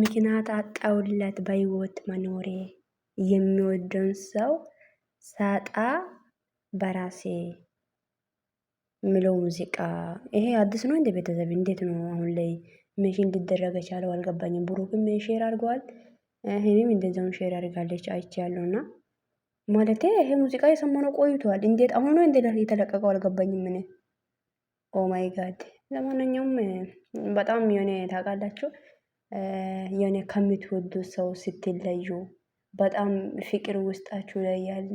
ምክንያት አጣውለት በህይወት መኖሬ የሚወደውን ሰው ሳጣ በራሴ ምለው ሙዚቃ ይሄ አዲስ ነው። እንደ ቤተሰብ እንዴት ነው አሁን ላይ ሜሽን ሊደረገ ቻለው? አልገባኝም። ብሩክም ሼር አድርገዋል፣ ሄሚም እንደዛውን ሼር አድርጋለች አይቻለሁ። ያለውና ማለቴ ይሄ ሙዚቃ የሰማነው ቆይቷል። እንዴት አሁን ነው እንደ የተለቀቀው? አልገባኝም። ምን ኦ ማይ ጋድ። ለማንኛውም በጣም የሆነ ታውቃላችሁ የሆነ ከምትወዱት ሰው ስትለዩ በጣም ፍቅር ውስጣችሁ ላይ ያለ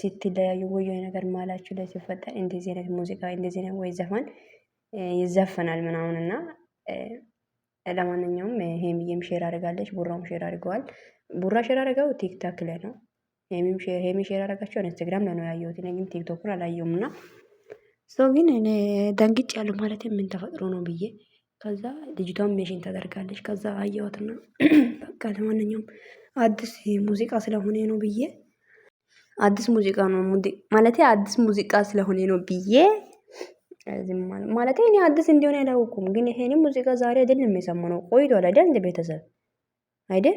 ስትለያዩ ወይ የሆነ ነገር ማላችሁ ላይ ሲፈጠር እንደዚህ አይነት ሙዚቃ እንደዚህ አይነት ወይ ዘፈን ይዘፈናል ምናምን እና ለማንኛውም ሄሚም ሼር አድርጋለች፣ ቡራውም ሼር አድርገዋል። ቡራ ሼር አድርገው ቲክታክ ላይ ነው። ሄሚ ሼር አድርጋቸው ኢንስታግራም ላይ ነው ያየሁት። እኔ ግን ቲክቶክ አላየሁም እና ሰው ግን እኔ ደንግጭ ያሉ ማለት ምን ተፈጥሮ ነው ብዬ ከዛ ልጅቷም ሜሽን ታደርጋለች። ከዛ አየዋትና በቃ ለማንኛውም አዲስ ሙዚቃ ስለሆነ ነው ብዬ አዲስ ሙዚቃ ነው ማለት አዲስ ሙዚቃ ስለሆነ ነው ብዬ ማለት እኔ አዲስ እንዲሆን አላውቁም፣ ግን ይሄን ሙዚቃ ዛሬ አይደል የሚሰማ ነው ቆይቶ አላደ እንደ ቤተሰብ አይደል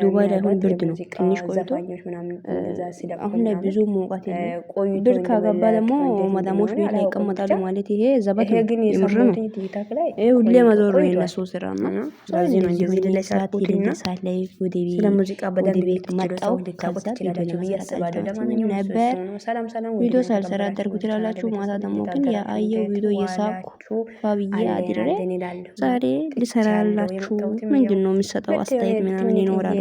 ዱባይ ላይ አሁን ብርድ ነው። ትንሽ ቆይቶ አሁን ላይ ብዙ ሙቀት የለም። ብርድ ካገባ ደግሞ መዳሞች ቤት ላይ ይቀመጣሉ ማለት ይሄ ዘበት የምር ነው። ሁሌ መዞር ነው የነሱ ስራ ነው። ስለዚህ ነው ላይ ሰዓት ሄድና ሰዓት ላይ ወደ ቤት ወደ ቤት ቪዲዮ ሳልሰራ አደርጉ ትላላችሁ። ማታ ደግሞ ግን የአየው ቪዲዮ እየሳኩ ባብዬ አድሬ ዛሬ ልሰራላችሁ ምንድን ነው የሚሰጠው አስተያየት ምናምን ይኖራል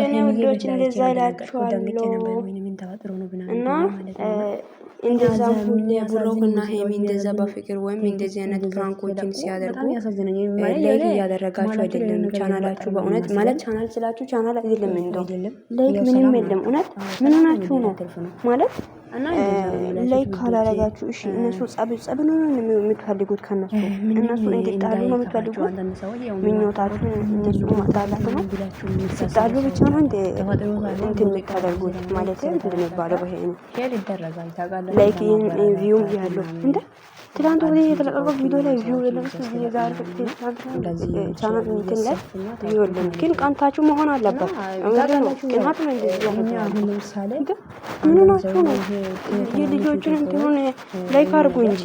የሆነ ውዶች እንደዛ ይላችኋለሁ እና እንደዛ ብሩክና ሄሚ እንደዛ በፍቅር ወይም እንደዚህ አይነት ፕራንኮችን ሲያደርጉ ላይክ እያደረጋችሁ አይደለም። ቻናላችሁ በእውነት ማለት ቻናል ስላችሁ ቻናል አይደለም፣ እንደው ላይክ ምንም የለም። እውነት ምን ሆናችሁ ነው ማለት ላይ ካላረጋችሁ እሺ፣ እነሱ ጸብ ጸብ ነው የምትፈልጉት ከነሱ እነሱ እንዲጣሉ ነው የምትፈልጉት ምኞታችሁ፣ እነሱ ማጣላት ነው። ሲጣሉ ብቻ ነው እንደ እንትን የምታደርጉት ማለት ነው። እንደሚባለው ይሄ ነው ላይክ ቪውም ያለው እንደ ትላንት ወደ የተለቀቀው ቪዲዮ ላይ ቪው የለም። የዛሬ ቻናል እንትን ላይ ቪው የለም። ግን ቀንታችሁ መሆን አለበት። ቅናት ነው እንደዚህ ምን ናችሁ ነው የልጆችን እንትኑን ላይክ አድርጎ እንጂ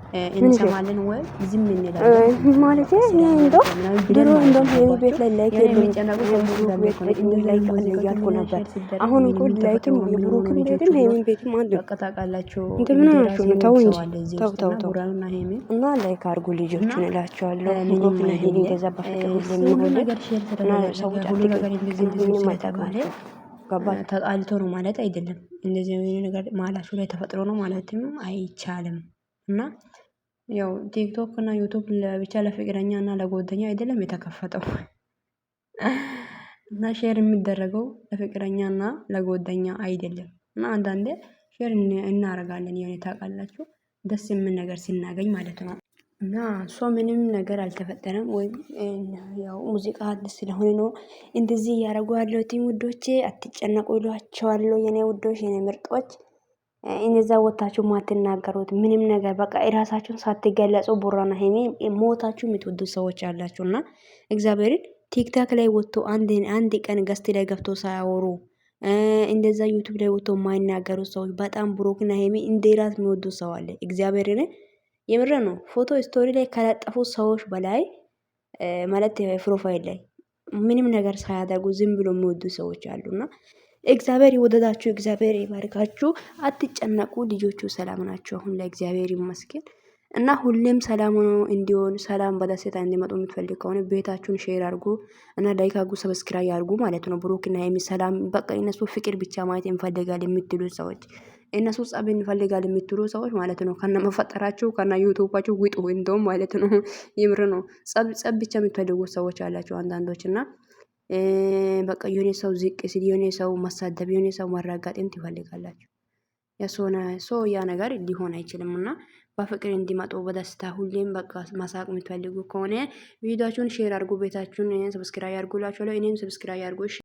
እንሰማለን ወይ ዝም እንላለን ማለት እንደው ድሮ ቤት ላይ ላይክ ላይክ አለ እያልኩ ነበር። አሁን ላይክም የብሩክም ቤትም ቤትም ሆናችሁ ነው? ተው እንጂ ተው ተው ተው። እና ላይክ አድርጉ ልጆቹን እላቸዋለሁ። ሄሚ በፍቅር ሰዎች አይጠቅማቸው ተጣልቶ ነው ማለት አይደለም። እንደዚህ ነገር ማላሹ ላይ ተፈጥሮ ነው ማለትም አይቻልም። እና ያው ቲክቶክ እና ዩቱብ ብቻ ለፍቅረኛ እና ለጓደኛ አይደለም የተከፈተው እና ሼር የሚደረገው ለፍቅረኛ እና ለጓደኛ አይደለም። እና አንዳንዴ ሼር እናደርጋለን የሆነ ታውቃላችሁ ደስ የምን ነገር ሲናገኝ ማለት ነው። እና እሷ ምንም ነገር አልተፈጠረም ወይም ያው ሙዚቃ አዲስ ስለሆነ ነው እንደዚህ እያደረጉ ያለሁት ውዶቼ አትጨነቁ ይሏቸዋለሁ የኔ ውዶች የኔ ምርጦች እነዛ ወታችሁ ማትናገሩት ምንም ነገር በቃ የራሳችሁን ሳትገለጹ ቡራና ሄሜ ሞታችሁ የምትወዱ ሰዎች አላችሁና እግዚአብሔርን ቲክታክ ላይ ወጥቶ አንድ ቀን ገስት ላይ ገብቶ ሳያወሩ እንደዛ ዩቱብ ላይ ወጥቶ የማይናገሩ ሰዎች በጣም ብሩክና ሄሜ እንደ የሚወዱ ሰው አለ። እግዚአብሔርን የምረ ነው። ፎቶ ስቶሪ ላይ ከለጠፉ ሰዎች በላይ ማለት ፕሮፋይል ላይ ምንም ነገር ሳያደርጉ ዝም ብሎ የሚወዱ ሰዎች አሉና እግዚአብሔር ይወደዳችሁ፣ እግዚአብሔር ይባርካችሁ። አትጨነቁ ልጆቹ ሰላም ናቸው። አሁን ለእግዚአብሔር ይመስገን እና ሁሌም ሰላም ነው እንዲሆን ሰላም በደስታ እንዲመጡ የምትፈልግ ከሆነ ቤታችሁን ሼር አርጉ እና ላይክ አርጉ፣ ሰብስክራይብ አርጉ ማለት ነው። ብሩክና ሀይሚ ሰላም በቃ እነሱ ፍቅር ብቻ ማየት እንፈልጋል የምትሉ ሰዎች እነሱ ጸብ እንፈልጋል የምትሉ ሰዎች ማለት ነው። ከነ መፈጠራችሁ ከነ ዩቱባችሁ ውጡ እንደውም ማለት ነው። ይምር ነው ጸብ ጸብ ብቻ የምትፈልጉ ሰዎች አላቸው አንዳንዶች እና በቃ የሆነ ሰው ዝቅ ሲል የሆነ ሰው ማሳደብ የሆነ ሰው ማረጋጤም ትፈልጋላችሁ። ያስሆነ ሰው ያ ነገር ሊሆን አይችልም እና በፍቅር እንዲመጡ በደስታ ሁሌም በቃ ማሳቅ የምትፈልጉ ከሆነ ቪዲዮችሁን ሼር አርጉ፣ ቤታችሁን ሰብስክራይብ አድርጉላችሁ። እኔም ሰብስክራይብ አድርጉ።